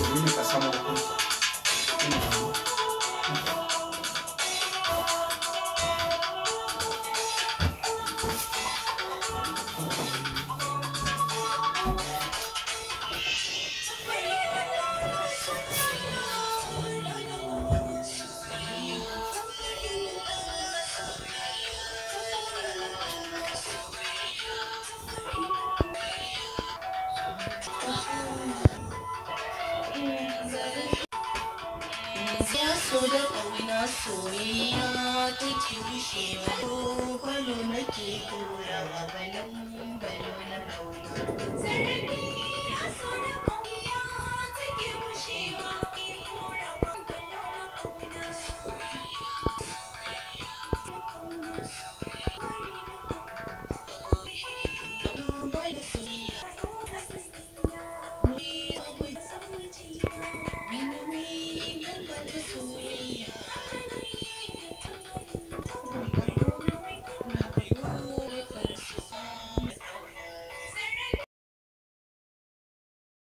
Gracias. za su da ƙauna soyayya take rushewa ko kwalo nake tura wa wonderful.